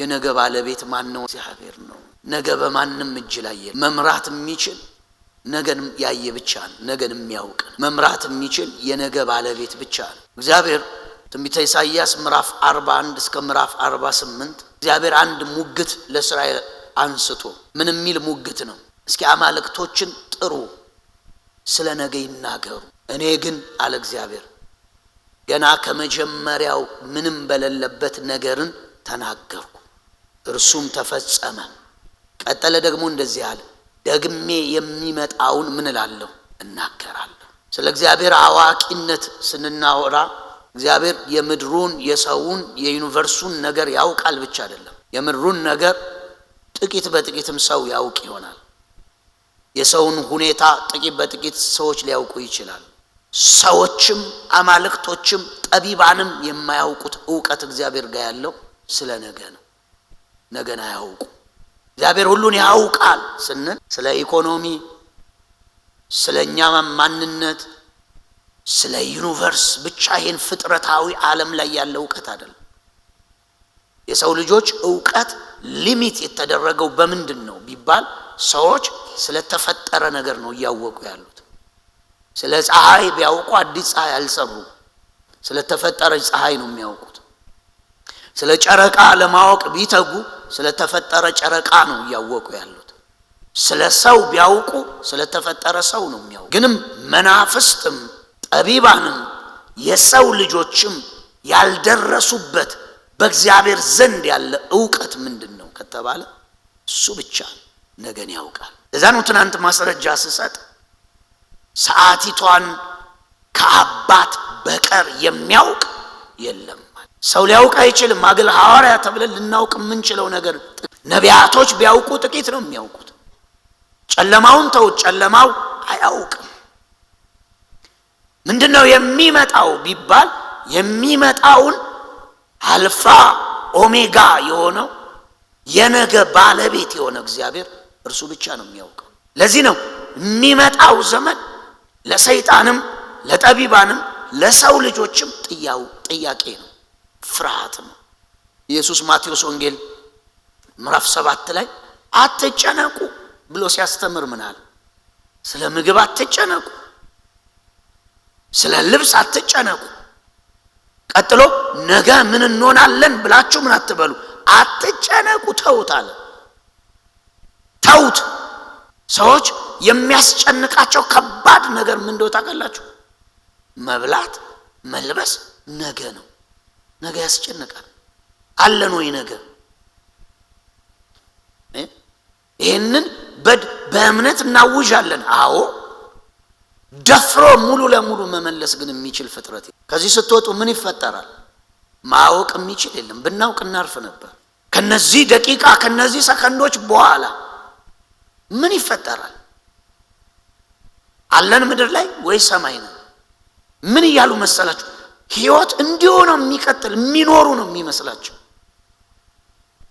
የነገ ባለቤት ማን ነው? እግዚአብሔር ነው። ነገ በማንም እጅ ላይ መምራት የሚችል ነገን ያየ ብቻ ነው። ነገን የሚያውቅ መምራት የሚችል የነገ ባለቤት ብቻ ነው እግዚአብሔር። ትንቢተ ኢሳይያስ ምዕራፍ 41 እስከ ምዕራፍ 48 እግዚአብሔር አንድ ሙግት ለእስራኤል አንስቶ ምን የሚል ሙግት ነው? እስኪ አማልክቶችን ጥሩ ስለ ነገ ይናገሩ። እኔ ግን አለ እግዚአብሔር ገና ከመጀመሪያው ምንም በሌለበት ነገርን ተናገርኩ፣ እርሱም ተፈጸመ። ቀጠለ ደግሞ እንደዚህ አለ፣ ደግሜ የሚመጣውን ምን እላለሁ እናገራለሁ። ስለ እግዚአብሔር አዋቂነት ስንናወራ እግዚአብሔር የምድሩን፣ የሰውን፣ የዩኒቨርሱን ነገር ያውቃል ብቻ አይደለም። የምድሩን ነገር ጥቂት በጥቂትም ሰው ያውቅ ይሆናል። የሰውን ሁኔታ ጥቂት በጥቂት ሰዎች ሊያውቁ ይችላል። ሰዎችም አማልክቶችም ጠቢባንም የማያውቁት እውቀት እግዚአብሔር ጋር ያለው ስለ ነገ ነው። ነገን አያውቁ። እግዚአብሔር ሁሉን ያውቃል ስንል ስለ ኢኮኖሚ፣ ስለ እኛ ማንነት፣ ስለ ዩኒቨርስ ብቻ ይህን ፍጥረታዊ ዓለም ላይ ያለ እውቀት አይደለም። የሰው ልጆች እውቀት ሊሚት የተደረገው በምንድን ነው ቢባል ሰዎች ስለተፈጠረ ነገር ነው እያወቁ ያሉት። ስለ ፀሐይ ቢያውቁ አዲስ ፀሐይ አልሰሩም። ስለተፈጠረች ፀሐይ ነው የሚያውቁት። ስለ ጨረቃ ለማወቅ ቢተጉ ስለተፈጠረ ጨረቃ ነው እያወቁ ያሉት። ስለ ሰው ቢያውቁ ስለተፈጠረ ሰው ነው የሚያውቁ። ግንም መናፍስትም ጠቢባንም የሰው ልጆችም ያልደረሱበት በእግዚአብሔር ዘንድ ያለ እውቀት ምንድን ነው ከተባለ እሱ ብቻ ነው። ነገን ያውቃል። እዛ ነው ትናንት ማስረጃ ስሰጥ ሰዓቲቷን ከአባት በቀር የሚያውቅ የለም። ሰው ሊያውቅ አይችልም። አግል ሐዋርያ ተብለን ልናውቅ የምንችለው ነገር ነቢያቶች ቢያውቁ ጥቂት ነው የሚያውቁት። ጨለማውን ተው ጨለማው አያውቅም። ምንድን ነው የሚመጣው ቢባል የሚመጣውን አልፋ ኦሜጋ የሆነው የነገ ባለቤት የሆነ እግዚአብሔር እርሱ ብቻ ነው የሚያውቀው። ለዚህ ነው የሚመጣው ዘመን ለሰይጣንም ለጠቢባንም ለሰው ልጆችም ጥያው ጥያቄ ነው፣ ፍርሃት ነው። ኢየሱስ ማቴዎስ ወንጌል ምዕራፍ ሰባት ላይ አትጨነቁ ብሎ ሲያስተምር ምን አለ? ስለ ምግብ አትጨነቁ፣ ስለ ልብስ አትጨነቁ። ቀጥሎ ነገ ምን እንሆናለን ብላችሁ ምን አትበሉ፣ አትጨነቁ ተውታለ ተውት ሰዎች የሚያስጨንቃቸው ከባድ ነገር ምን እንደው ታውቃላችሁ? መብላት፣ መልበስ ነገ ነው። ነገ ያስጨንቃል። አለን ወይ ነገ? ይህንን በድ በእምነት እናውዣለን። አዎ ደፍሮ ሙሉ ለሙሉ መመለስ ግን የሚችል ፍጥረት ከዚህ ስትወጡ ምን ይፈጠራል? ማወቅ የሚችል የለም። ብናውቅ እናርፍ ነበር። ከነዚህ ደቂቃ ከነዚህ ሰከንዶች በኋላ ምን ይፈጠራል? አለን ምድር ላይ ወይ ሰማይ ነው? ምን እያሉ መሰላችሁ? ህይወት እንዲሁ ነው የሚቀጥል የሚኖሩ ነው የሚመስላቸው።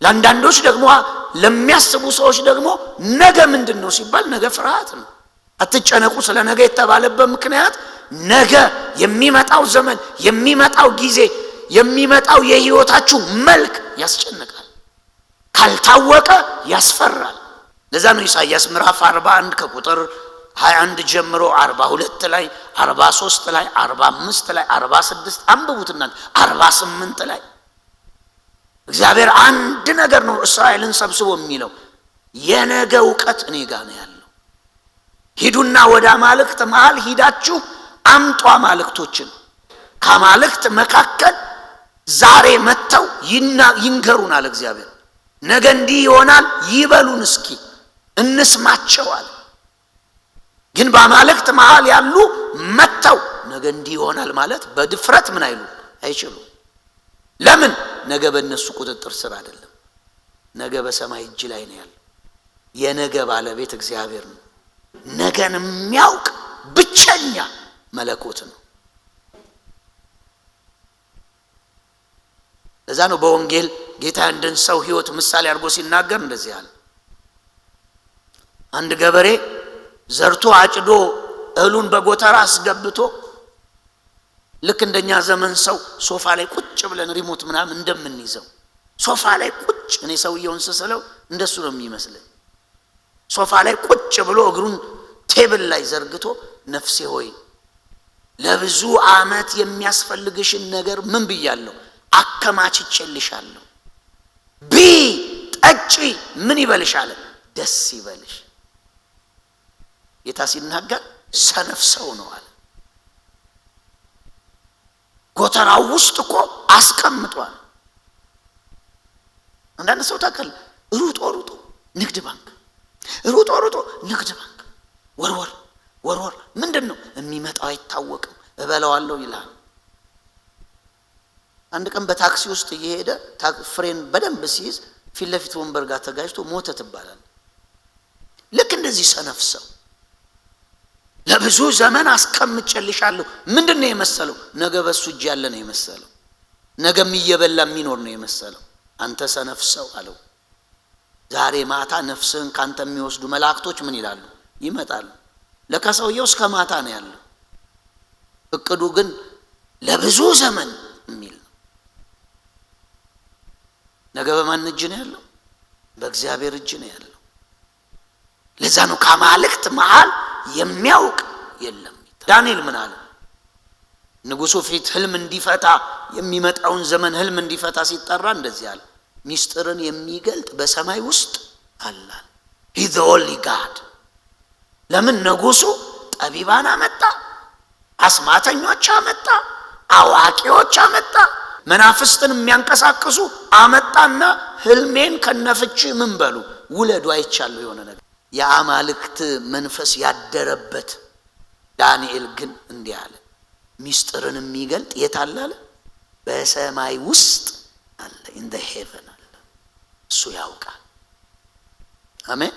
ለአንዳንዶች ደግሞ ለሚያስቡ ሰዎች ደግሞ ነገ ምንድን ነው ሲባል ነገ ፍርሃት ነው። አትጨነቁ ስለ ነገ የተባለበት ምክንያት ነገ የሚመጣው ዘመን የሚመጣው ጊዜ የሚመጣው የህይወታችሁ መልክ ያስጨንቃል፣ ካልታወቀ ያስፈራል። ለዛ ነው ኢሳይያስ ምዕራፍ 41 ከቁጥር 21 ጀምሮ 42 ላይ 43 ላይ 45 ላይ 46 አንብቡትና 48 ላይ እግዚአብሔር አንድ ነገር ነው እስራኤልን ሰብስቦ የሚለው የነገ እውቀት እኔ ጋር ነው ያለው። ሂዱና ወደ አማልክት መሃል ሂዳችሁ አምጡ አማልክቶችን ከአማልክት መካከል ዛሬ መጥተው ይንገሩናል። እግዚአብሔር ነገ እንዲህ ይሆናል ይበሉን እስኪ እንስማቸዋል። ግን በአማልክት መሃል ያሉ መጥተው ነገ እንዲህ ይሆናል ማለት በድፍረት ምን አይሉ አይችሉም። ለምን? ነገ በእነሱ ቁጥጥር ስር አይደለም። ነገ በሰማይ እጅ ላይ ነው ያለ የነገ ባለቤት እግዚአብሔር ነው። ነገን የሚያውቅ ብቸኛ መለኮት ነው። ለዛ ነው በወንጌል ጌታ አንድን ሰው ህይወት ምሳሌ አድርጎ ሲናገር እንደዚህ አለ አንድ ገበሬ ዘርቶ አጭዶ እህሉን በጎተራ አስገብቶ ልክ እንደኛ ዘመን ሰው ሶፋ ላይ ቁጭ ብለን ሪሞት ምናምን እንደምንይዘው ሶፋ ላይ ቁጭ እኔ ሰውየውን ስስለው እንደሱ ነው የሚመስለኝ። ሶፋ ላይ ቁጭ ብሎ እግሩን ቴብል ላይ ዘርግቶ ነፍሴ ሆይ ለብዙ ዓመት የሚያስፈልግሽን ነገር ምን ብያለሁ? አከማችቼልሻለሁ። ቢ ጠጪ ምን ይበልሻል? ደስ ይበልሽ። ጌታ ሲናገር ሰነፍ ሰው ነው አለ። ጎተራው ውስጥ እኮ አስቀምጧል። አንዳንድ ሰው ታከል ሩጦ ሩጦ ንግድ ባንክ፣ ሩጦ ሩጦ ንግድ ባንክ፣ ወርወር ወርወር። ምንድን ነው የሚመጣው አይታወቅም፣ እበለዋለሁ ይላል። አንድ ቀን በታክሲ ውስጥ እየሄደ ፍሬን በደንብ ሲይዝ ፊት ለፊት ወንበር ጋር ተጋጅቶ ሞተ ትባላል። ልክ እንደዚህ ሰነፍ ሰው ለብዙ ዘመን አስቀምጨልሻለሁ። ምንድን ነው የመሰለው? ነገ በሱ እጅ ያለ ነው የመሰለው። ነገም እየበላ የሚኖር ነው የመሰለው። አንተ ሰነፍ ሰው አለው። ዛሬ ማታ ነፍስህን ካንተ የሚወስዱ መላእክቶች ምን ይላሉ? ይመጣሉ። ለካ ሰውየው እስከ ማታ ነው ያለው። እቅዱ ግን ለብዙ ዘመን የሚል ነው። ነገ በማን እጅ ነው ያለው? በእግዚአብሔር እጅ ነው ያለው። ለዛ ነው ከአማልክት መሃል የሚያውቅ የለም። ዳንኤል ምን አለ? ንጉሱ ፊት ህልም እንዲፈታ የሚመጣውን ዘመን ህልም እንዲፈታ ሲጠራ እንደዚህ አለ፣ ሚስጥርን የሚገልጥ በሰማይ ውስጥ አላል ሂዘኦሊ ጋድ። ለምን ንጉሱ ጠቢባን አመጣ፣ አስማተኞች አመጣ፣ አዋቂዎች አመጣ፣ መናፍስትን የሚያንቀሳቅሱ አመጣና ህልሜን ከነፍቺ ምን በሉ ውለዱ አይቻለሁ የሆነ ነገር የአማልክት መንፈስ ያደረበት ዳንኤል ግን እንዲህ አለ። ሚስጥርን የሚገልጥ የት አለ አለ? በሰማይ ውስጥ አለ። ኢንደ ሄቨን አለ። እሱ ያውቃል። አሜን።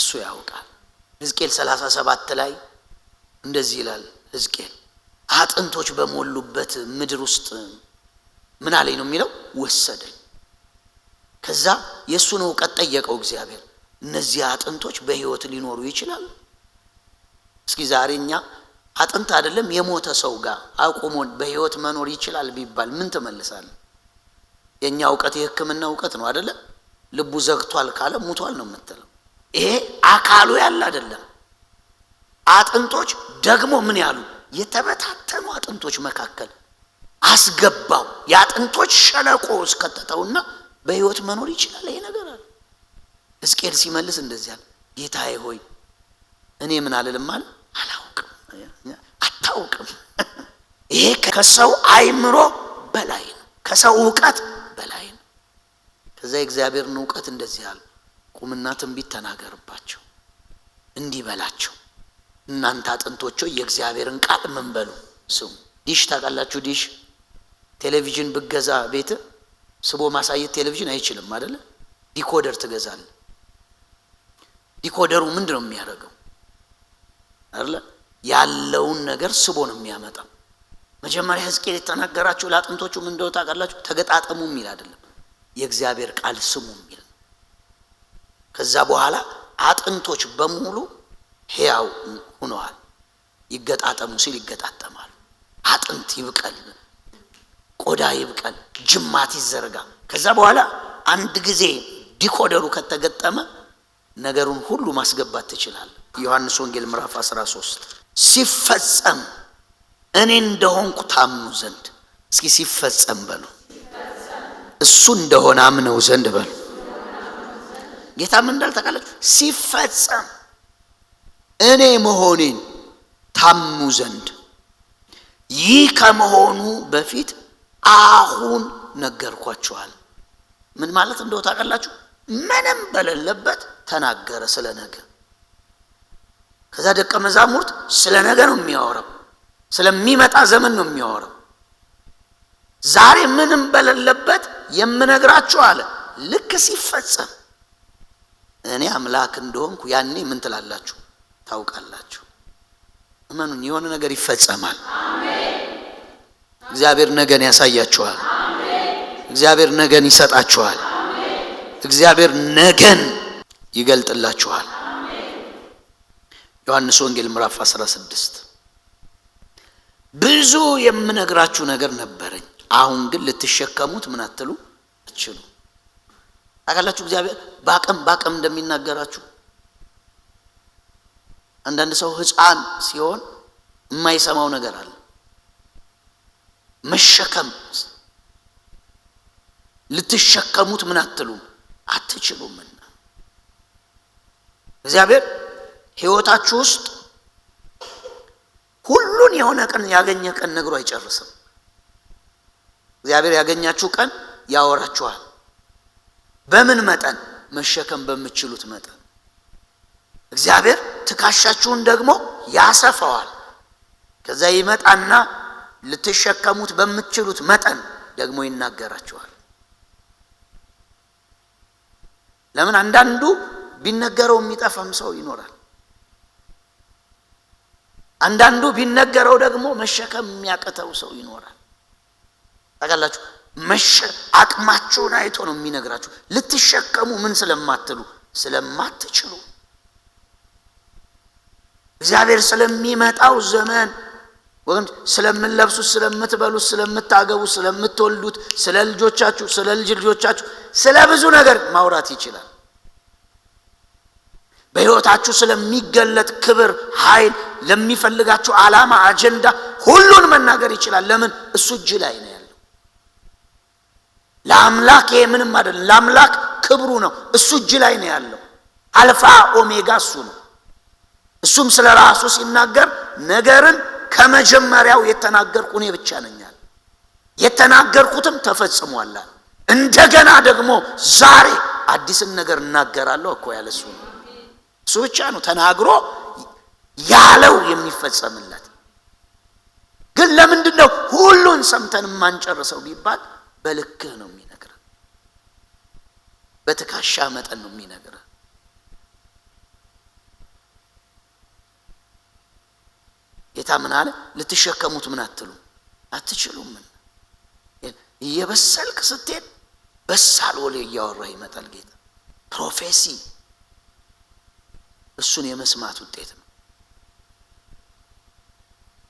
እሱ ያውቃል። ሕዝቅኤል ሰላሳ ላይ እንደዚህ ይላል። ሕዝቅኤል አጥንቶች በሞሉበት ምድር ውስጥ ምን አለኝ ነው የሚለው። ወሰደኝ። ከዛ የእሱን እውቀት ጠየቀው እግዚአብሔር እነዚህ አጥንቶች በህይወት ሊኖሩ ይችላሉ። እስኪ ዛሬ እኛ አጥንት አይደለም የሞተ ሰው ጋር አቁሞን በህይወት መኖር ይችላል ቢባል ምን ትመልሳለህ? የእኛ እውቀት የህክምና እውቀት ነው አይደለም። ልቡ ዘግቷል ካለ ሙቷል ነው የምትለው። ይሄ አካሉ ያለ አይደለም። አጥንቶች ደግሞ ምን ያሉ የተበታተኑ አጥንቶች መካከል አስገባው የአጥንቶች ሸለቆ እስከተተውና በህይወት መኖር ይችላል ይሄ ነገር ሕዝቅኤል ሲመልስ እንደዚህ አለ፣ ጌታዬ ሆይ እኔ ምን አልልም አለ አላውቅም፣ አታውቅም። ይሄ ከሰው አይምሮ በላይ ነው፣ ከሰው እውቀት በላይ ነው። ከዛ የእግዚአብሔርን እውቀት እንደዚህ አለ፣ ቁምና ትንቢት ተናገርባቸው፣ እንዲህ በላቸው፣ እናንተ አጥንቶች የእግዚአብሔርን ቃል ምን በሉ ስሙ። ዲሽ ታውቃላችሁ? ዲሽ ቴሌቪዥን ብገዛ ቤት ስቦ ማሳየት ቴሌቪዥን አይችልም አይደለ? ዲኮደር ትገዛለህ ዲኮደሩ ምንድን ነው የሚያደርገው? አለ ያለውን ነገር ስቦ ነው የሚያመጣው። መጀመሪያ ህዝቅኤል የተናገራችሁ ለአጥንቶቹ ምን እንደወጣ ቃላችሁ ተገጣጠሙ የሚል አይደለም፣ የእግዚአብሔር ቃል ስሙ የሚል ከዛ በኋላ አጥንቶች በሙሉ ሕያው ሁነዋል። ይገጣጠሙ ሲል ይገጣጠማሉ። አጥንት ይብቀል፣ ቆዳ ይብቀል፣ ጅማት ይዘረጋ ከዛ በኋላ አንድ ጊዜ ዲኮደሩ ከተገጠመ ነገሩን ሁሉ ማስገባት ትችላል። ዮሐንስ ወንጌል ምዕራፍ 13 ሲፈጸም እኔ እንደሆንኩ ታምኑ ዘንድ እስኪ ሲፈጸም በሉ እሱ እንደሆነ አምነው ዘንድ በሉ። ጌታ ምን እንዳል ታውቃለች? ሲፈጸም እኔ መሆኔን ታምኑ ዘንድ ይህ ከመሆኑ በፊት አሁን ነገርኳችኋል። ምን ማለት እንደው ታውቃላችሁ? ምንም በሌለበት ተናገረ ስለ ነገ። ከዛ ደቀ መዛሙርት ስለ ነገ ነው የሚያወራው፣ ስለሚመጣ ዘመን ነው የሚያወራው። ዛሬ ምንም በለለበት የምነግራችሁ አለ ልክ ሲፈጸም እኔ አምላክ እንደሆንኩ ያኔ ምን ትላላችሁ ታውቃላችሁ። እመኑን የሆነ ነገር ይፈጸማል። እግዚአብሔር ነገን ያሳያችኋል። እግዚአብሔር ነገን ይሰጣችኋል። እግዚአብሔር ነገን ይገልጥላችኋል። ዮሐንስ ወንጌል ምዕራፍ 16 ብዙ የምነግራችሁ ነገር ነበረኝ፣ አሁን ግን ልትሸከሙት ምን አትሉ አትችሉ። አካላችሁ እግዚአብሔር በአቅም በአቅም እንደሚናገራችሁ አንዳንድ ሰው ሕፃን ሲሆን የማይሰማው ነገር አለ። መሸከም ልትሸከሙት ምን አትሉ አትችሉም። እግዚአብሔር ህይወታችሁ ውስጥ ሁሉን የሆነ ቀን ያገኘ ቀን ነግሮ አይጨርስም። እግዚአብሔር ያገኛችሁ ቀን ያወራችኋል። በምን መጠን? መሸከም በምችሉት መጠን። እግዚአብሔር ትካሻችሁን ደግሞ ያሰፋዋል። ከዛ ይመጣና ልትሸከሙት በምችሉት መጠን ደግሞ ይናገራችኋል። ለምን አንዳንዱ ቢነገረው የሚጠፋም ሰው ይኖራል። አንዳንዱ ቢነገረው ደግሞ መሸከም የሚያቅተው ሰው ይኖራል። ታውቃላችሁ፣ አቅማችሁን አይቶ ነው የሚነግራችሁ። ልትሸከሙ ምን ስለማትሉ ስለማትችሉ እግዚአብሔር ስለሚመጣው ዘመን ወገን ስለምንለብሱት፣ ስለምትበሉት፣ ስለምታገቡት፣ ስለምትወልዱት፣ ስለ ልጆቻችሁ፣ ስለ ልጅ ልጆቻችሁ፣ ስለ ብዙ ነገር ማውራት ይችላል። በሕይወታችሁ ስለሚገለጥ ክብር፣ ኃይል፣ ለሚፈልጋችሁ ዓላማ፣ አጀንዳ ሁሉን መናገር ይችላል። ለምን? እሱ እጅ ላይ ነው ያለው። ለአምላክ ይሄ ምንም አይደለም። ለአምላክ ክብሩ ነው። እሱ እጅ ላይ ነው ያለው። አልፋ ኦሜጋ እሱ ነው። እሱም ስለ ራሱ ሲናገር ነገርን ከመጀመሪያው የተናገርኩ እኔ ብቻ ነኛል፣ የተናገርኩትም ተፈጽሟላል። እንደገና ደግሞ ዛሬ አዲስን ነገር እናገራለሁ እኮ ያለ እሱ ነው። እሱ ብቻ ነው ተናግሮ ያለው የሚፈጸምለት። ግን ለምንድን ነው ሁሉን ሰምተን የማንጨርሰው ቢባል በልክህ ነው የሚነግርህ፣ በትካሻ መጠን ነው የሚነግርህ። ጌታ ምን አለ? ልትሸከሙት ምን አትሉ አትችሉም። እየበሰልክ ስትሄድ በሳል ወሌ እያወራ ይመጣል ጌታ ፕሮፌሲ እሱን የመስማት ውጤት ነው።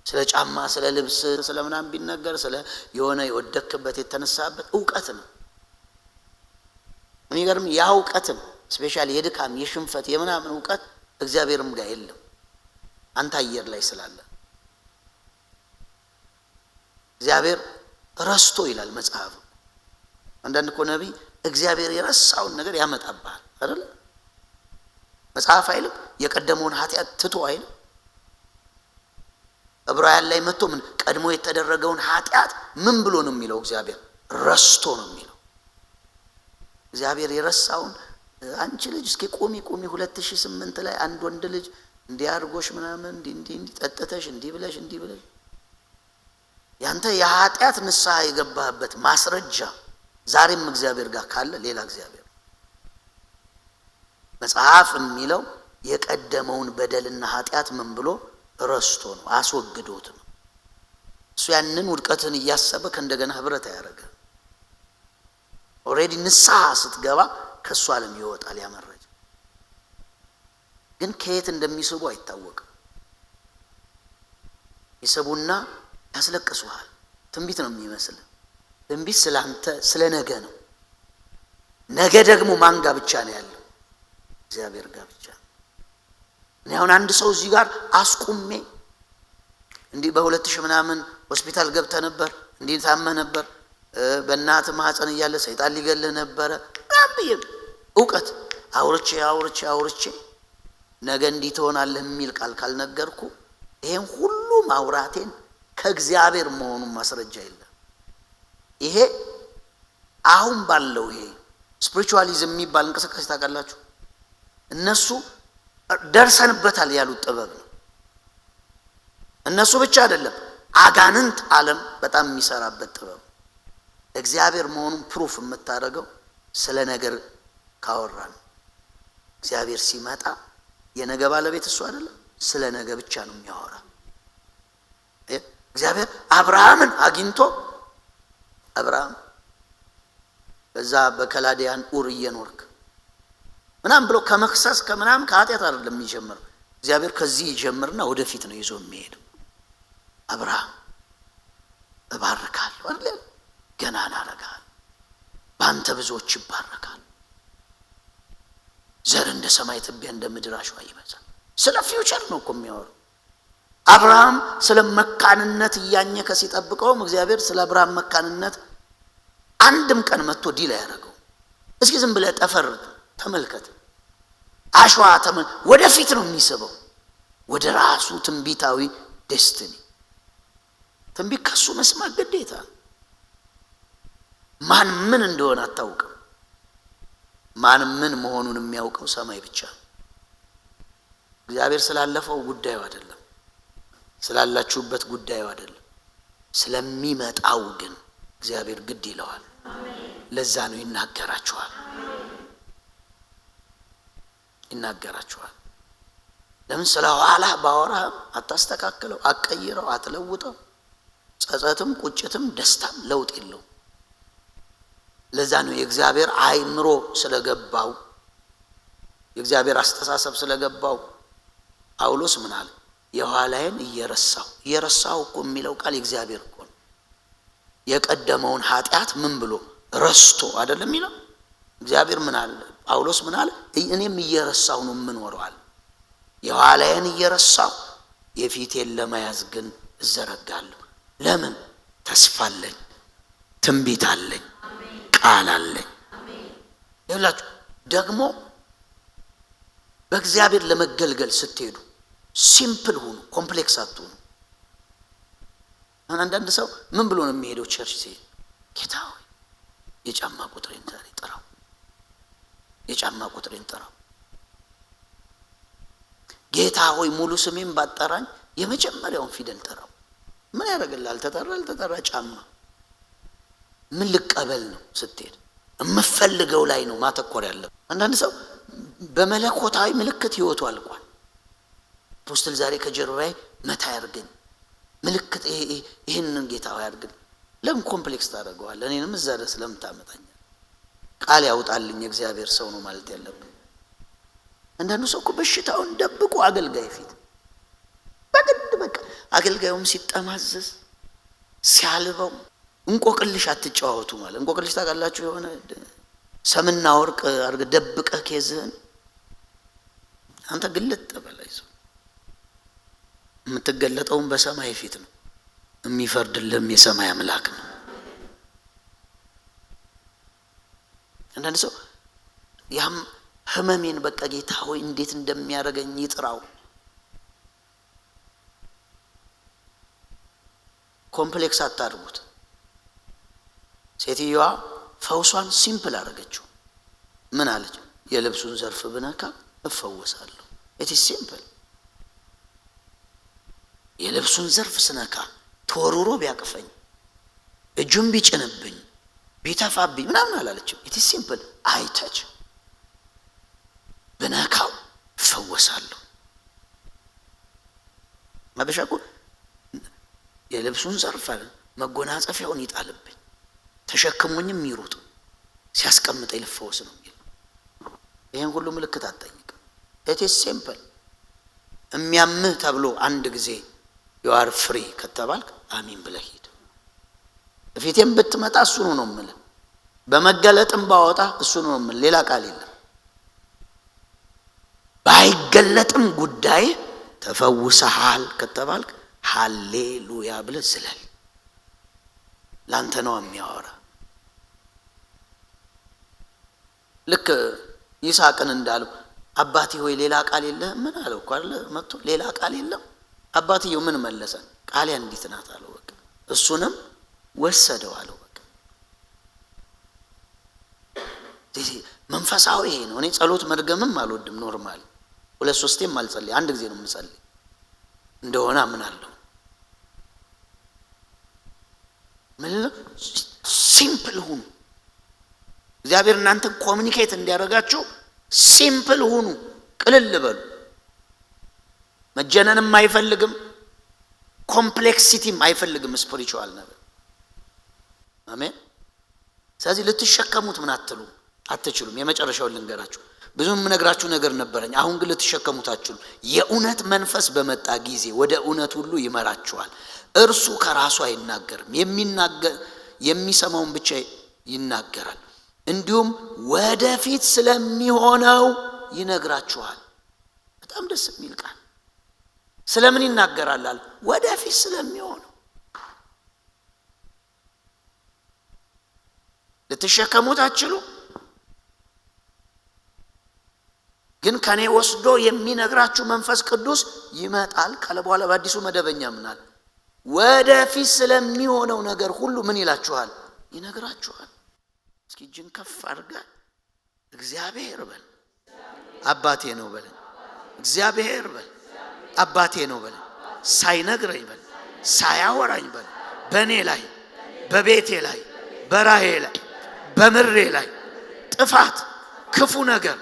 ስለ ጫማ፣ ስለ ልብስ፣ ስለ ምናምን ቢነገር ስለ የሆነ የወደክበት የተነሳበት እውቀት ነው። የሚገርም ያ እውቀት ነው። ስፔሻል የድካም የሽንፈት የምናምን እውቀት እግዚአብሔርም ጋር የለም። አንተ አየር ላይ ስላለ እግዚአብሔር ረስቶ ይላል መጽሐፍ። አንዳንድ እኮ ነቢይ እግዚአብሔር የረሳውን ነገር ያመጣብሃል አይደል? መጽሐፍ አይልም የቀደመውን ኃጢአት ትቶ አይልም ዕብራውያን ላይ መጥቶ ምን ቀድሞ የተደረገውን ኃጢአት ምን ብሎ ነው የሚለው? እግዚአብሔር ረስቶ ነው የሚለው። እግዚአብሔር የረሳውን አንቺ ልጅ እስኪ ቁሚ ቁሚ፣ ሁለት ሺህ ስምንት ላይ አንድ ወንድ ልጅ እንዲህ አድርጎሽ ምናምን እንዲህ እንዲህ እንዲህ ጠጥተሽ እንዲህ ብለሽ እንዲህ ብለሽ ያንተ የኃጢአት ንስሐ የገባህበት ማስረጃ ዛሬም እግዚአብሔር ጋር ካለ ሌላ እግዚአብሔር መጽሐፍ የሚለው የቀደመውን በደልና ኃጢአት ምን ብሎ ረስቶ ነው አስወግዶት ነው። እሱ ያንን ውድቀትን እያሰበ ከእንደገና ህብረት አያደረገ ኦሬዲ ንስሐ ስትገባ ከእሱ ዓለም ይወጣል። ያመረጀ ግን ከየት እንደሚስቡ አይታወቅም። ይስቡና ያስለቅሱሃል። ትንቢት ነው የሚመስል ትንቢት ስለ አንተ ስለ ነገ ነው። ነገ ደግሞ ማንጋ ብቻ ነው ያለው እግዚአብሔር ጋር ብቻ። እኔ አሁን አንድ ሰው እዚህ ጋር አስቁሜ እንዲህ በሁለት ሺህ ምናምን ሆስፒታል ገብተ ነበር እንዲህ ታመ ነበር በእናት ማህፀን እያለ ሰይጣን ሊገልህ ነበረ ብዬ እውቀት አውርቼ አውርቼ አውርቼ ነገ እንዲህ ትሆናለህ የሚል ቃል ካልነገርኩ ይሄን ሁሉ ማውራቴን ከእግዚአብሔር መሆኑን ማስረጃ የለም። ይሄ አሁን ባለው ይሄ ስፕሪቹዋሊዝም የሚባል እንቅስቃሴ ታውቃላችሁ። እነሱ ደርሰንበታል ያሉት ጥበብ ነው። እነሱ ብቻ አይደለም አጋንንት ዓለም በጣም የሚሰራበት ጥበብ እግዚአብሔር መሆኑን ፕሩፍ የምታደርገው ስለ ነገር ካወራ እግዚአብሔር ሲመጣ የነገ ባለቤት እሱ አይደለም፣ ስለ ነገ ብቻ ነው የሚያወራ። እግዚአብሔር አብርሃምን አግኝቶ አብርሃም በዛ በከላዲያን ኡር እየኖርክ ምናም ብሎ ከመክሰስ ከምናም ከኃጢአት አይደለም የሚጀምር እግዚአብሔር ከዚህ ይጀምርና ወደፊት ነው ይዞ የሚሄደው። አብርሃም እባርካለሁ አለ ገና እናረጋል በአንተ ብዙዎች ይባረካል፣ ዘር እንደ ሰማይ ትቢያ እንደ ምድር አሸዋ ይበዛል። ስለ ፊውቸር ነው እኮ የሚያወሩ አብርሃም ስለ መካንነት እያኘከ ሲጠብቀውም እግዚአብሔር ስለ አብርሃም መካንነት አንድም ቀን መጥቶ ዲል አያደረገው እስኪ ዝም ብለ ጠፈር ተመልከት። አሸዋ ወደፊት ነው የሚስበው፣ ወደ ራሱ ትንቢታዊ ደስትኒ ትንቢት ከሱ መስማት ግዴታ። ማን ምን እንደሆነ አታውቅም። ማን ምን መሆኑን የሚያውቀው ሰማይ ብቻ እግዚአብሔር ስላለፈው ጉዳዩ አይደለም፣ ስላላችሁበት ጉዳዩ አይደለም። ስለሚመጣው ግን እግዚአብሔር ግድ ይለዋል። ለዛ ነው ይናገራችኋል። ይናገራችኋል። ለምን ስለ ኋላ ባወራህም አታስተካክለው፣ አትቀይረው፣ አትለውጠው። ጸጸትም፣ ቁጭትም፣ ደስታም ለውጥ የለው። ለዛ ነው የእግዚአብሔር አይምሮ ስለገባው የእግዚአብሔር አስተሳሰብ ስለገባው ጳውሎስ ምን አለ? የኋላዬን እየረሳው እየረሳው እኮ የሚለው ቃል የእግዚአብሔር እኮ ነው። የቀደመውን ኃጢአት ምን ብሎ ረስቶ አይደለም የሚለው እግዚአብሔር ምን አለ ጳውሎስ አለ? እኔም እየረሳው ነው የምኖረዋል የኋላዬን እየረሳው የፊቴን ለመያዝ ግን እዘረጋለሁ። ለምን? ተስፋ አለኝ፣ ትንቢት አለኝ፣ ቃል አለኝ። ይላችሁ ደግሞ በእግዚአብሔር ለመገልገል ስትሄዱ ሲምፕል ሁኑ፣ ኮምፕሌክስ አትሁኑ። አንዳንድ ሰው ምን ብሎ ነው የሚሄደው? ቸርች ሲሄድ ጌታ ሆይ የጫማ ቁጥሬን ዛሬ ጥራው የጫማ ቁጥሬን ጥራው። ጌታ ሆይ ሙሉ ስሜን ባጠራኝ የመጀመሪያውን ፊደል ጥራው። ምን ያደርግልሃል? ተጠራ አልተጠራ ጫማ ምን ልቀበል ነው ስትሄድ የምፈልገው ላይ ነው ማተኮር ያለብህ። አንዳንድ ሰው በመለኮታዊ ምልክት ህይወቱ አልቋል። ፖስትል ዛሬ ከጀርባዬ መታ ያርግን ምልክት ይህንን ጌታ ያርግን። ለምን ኮምፕሌክስ ታደርገዋለህ? እኔንም እዛ ደስ ለምታመጣኝ ቃል ያውጣልኝ እግዚአብሔር ሰው ነው ማለት ያለብን። አንዳንዱ ሰው እኮ በሽታውን ደብቆ አገልጋይ ፊት በግድ በቃ አገልጋዩም ሲጠማዘዝ ሲያልበው እንቆቅልሽ አትጨዋወቱ ማለት እንቆቅልሽ ታውቃላችሁ፣ የሆነ ሰምና ወርቅ አድርገህ ደብቀህ ኬዝህን አንተ ግልጥ በላይ ሰው የምትገለጠውም በሰማይ ፊት ነው። የሚፈርድልህም የሰማይ አምላክ ነው። አንዳንድ ሰው ያም ህመሜን በቃ ጌታ ሆይ እንዴት እንደሚያደርገኝ ይጥራው። ኮምፕሌክስ አታድርጉት። ሴትየዋ ፈውሷን ሲምፕል አደረገችው። ምን አለች? የልብሱን ዘርፍ ብነካ እፈወሳለሁ። ኢትስ ሲምፕል። የልብሱን ዘርፍ ስነካ ተወሩሮ ቢያቅፈኝ እጁን ቢጭንብኝ ቢተፋብኝ ምናምን አላለችም። ኢት ሲምፕል አይተች ብነካው እፈወሳለሁ። መበሻ እኮ የልብሱን ዘርፍ መጎናጸፊያውን ይጣልብኝ ተሸክሙኝም ይሩጥ ሲያስቀምጠኝ ልፈወስ ነው የሚል ይህን ሁሉ ምልክት አትጠይቅም። ኢት ሲምፕል የሚያምህ ተብሎ አንድ ጊዜ ዩአር ፍሪ ከተባልክ አሚን ብለህ ፊቴም ብትመጣ እሱኑ ነው ምል፣ በመገለጥም ባወጣ እሱኑ ነው ምል። ሌላ ቃል የለም። ባይገለጥም ጉዳይ ተፈውሰሃል ከተባልክ ሃሌሉያ ብለ ዝለል። ላንተ ነው የሚያወራ። ልክ ይስሐቅን እንዳለው አባቴ ሆይ ሌላ ቃል የለህም? ምን አለው እኮ አለ መጥቶ ሌላ ቃል የለም። አባትየው ምን መለሰ? ቃል አንዲት ናት አለው። በቃ እሱንም ወሰደው አለው። በቃ መንፈሳዊ ይሄ ነው። እኔ ጸሎት መድገምም አልወድም። ኖርማል ሁለት ሶስቴም አልጸልይ፣ አንድ ጊዜ ነው የምጸልይ እንደሆነ አምናለሁ። ምን ሲምፕል ሁኑ። እግዚአብሔር እናንተ ኮሚኒኬት እንዲያደርጋችሁ ሲምፕል ሁኑ፣ ቅልል በሉ። መጀነንም አይፈልግም፣ ኮምፕሌክሲቲም አይፈልግም። ስፒሪቹዋል ነበር አሜን። ስለዚህ ልትሸከሙት ምን አትሉ አትችሉም። የመጨረሻውን ልንገራችሁ። ብዙም የምነግራችሁ ነገር ነበረኝ። አሁን ግን ልትሸከሙት አትችሉም። የእውነት መንፈስ በመጣ ጊዜ ወደ እውነት ሁሉ ይመራችኋል። እርሱ ከራሱ አይናገርም፣ የሚናገር የሚሰማውን ብቻ ይናገራል፣ እንዲሁም ወደፊት ስለሚሆነው ይነግራችኋል። በጣም ደስ የሚል ቃል። ስለምን ይናገራል? ወደፊት ስለሚሆነው ልትሸከሙት አችሉ ግን ከኔ ወስዶ የሚነግራችሁ መንፈስ ቅዱስ ይመጣል ካለ በኋላ በአዲሱ መደበኛ ምናል ወደፊት ስለሚሆነው ነገር ሁሉ ምን ይላችኋል? ይነግራችኋል። እስኪ እጅን ከፍ አርጋ እግዚአብሔር በል አባቴ ነው በል እግዚአብሔር በል አባቴ ነው በል ሳይነግረኝ በል ሳያወራኝ በል በእኔ ላይ በቤቴ ላይ በራሄ ላይ በምሬ ላይ ጥፋት፣ ክፉ ነገር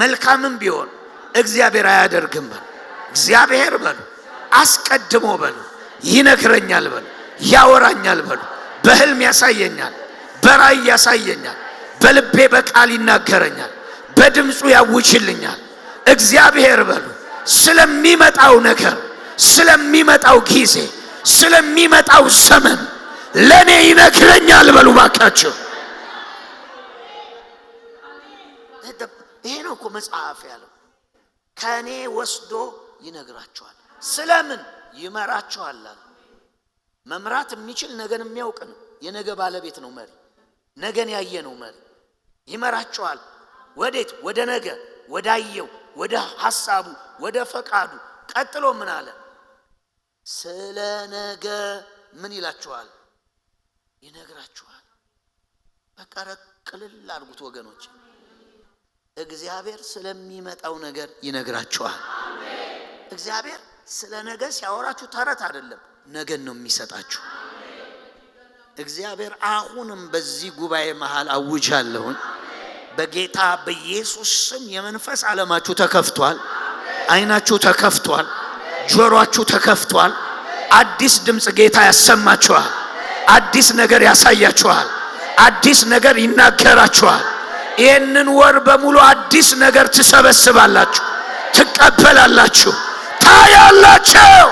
መልካምም ቢሆን እግዚአብሔር አያደርግም በሉ። እግዚአብሔር በሉ አስቀድሞ በሉ ይነግረኛል በሉ ያወራኛል በሉ በህልም ያሳየኛል፣ በራእይ ያሳየኛል፣ በልቤ በቃል ይናገረኛል፣ በድምፁ ያውችልኛል። እግዚአብሔር በሉ ስለሚመጣው ነገር፣ ስለሚመጣው ጊዜ፣ ስለሚመጣው ዘመን ለእኔ ይነግረኛል በሉ ባካቸው። ይሄ ነው እኮ መጽሐፍ ያለው። ከእኔ ወስዶ ይነግራቸዋል። ስለምን ይመራቸዋል? መምራት የሚችል ነገን የሚያውቅ ነው። የነገ ባለቤት ነው መሪ። ነገን ያየ ነው መሪ። ይመራቸዋል። ወዴት? ወደ ነገ፣ ወዳየው፣ ወደ ሐሳቡ፣ ወደ ፈቃዱ። ቀጥሎ ምን አለ? ስለ ነገ ምን ይላችኋል? ይነግራችኋል። በቀረ ቅልል አድርጉት ወገኖች። እግዚአብሔር ስለሚመጣው ነገር ይነግራችኋል። እግዚአብሔር ስለ ነገ ሲያወራችሁ ተረት አይደለም፣ ነገን ነው የሚሰጣችሁ። እግዚአብሔር አሁንም በዚህ ጉባኤ መሃል አውጃለሁኝ፣ በጌታ በኢየሱስ ስም የመንፈስ ዓለማችሁ ተከፍቷል፣ አይናችሁ ተከፍቷል፣ ጆሮአችሁ ተከፍቷል። አዲስ ድምፅ ጌታ ያሰማችኋል። አዲስ ነገር ያሳያችኋል። አዲስ ነገር ይናገራችኋል። ይህንን ወር በሙሉ አዲስ ነገር ትሰበስባላችሁ፣ ትቀበላላችሁ፣ ታያላችሁ።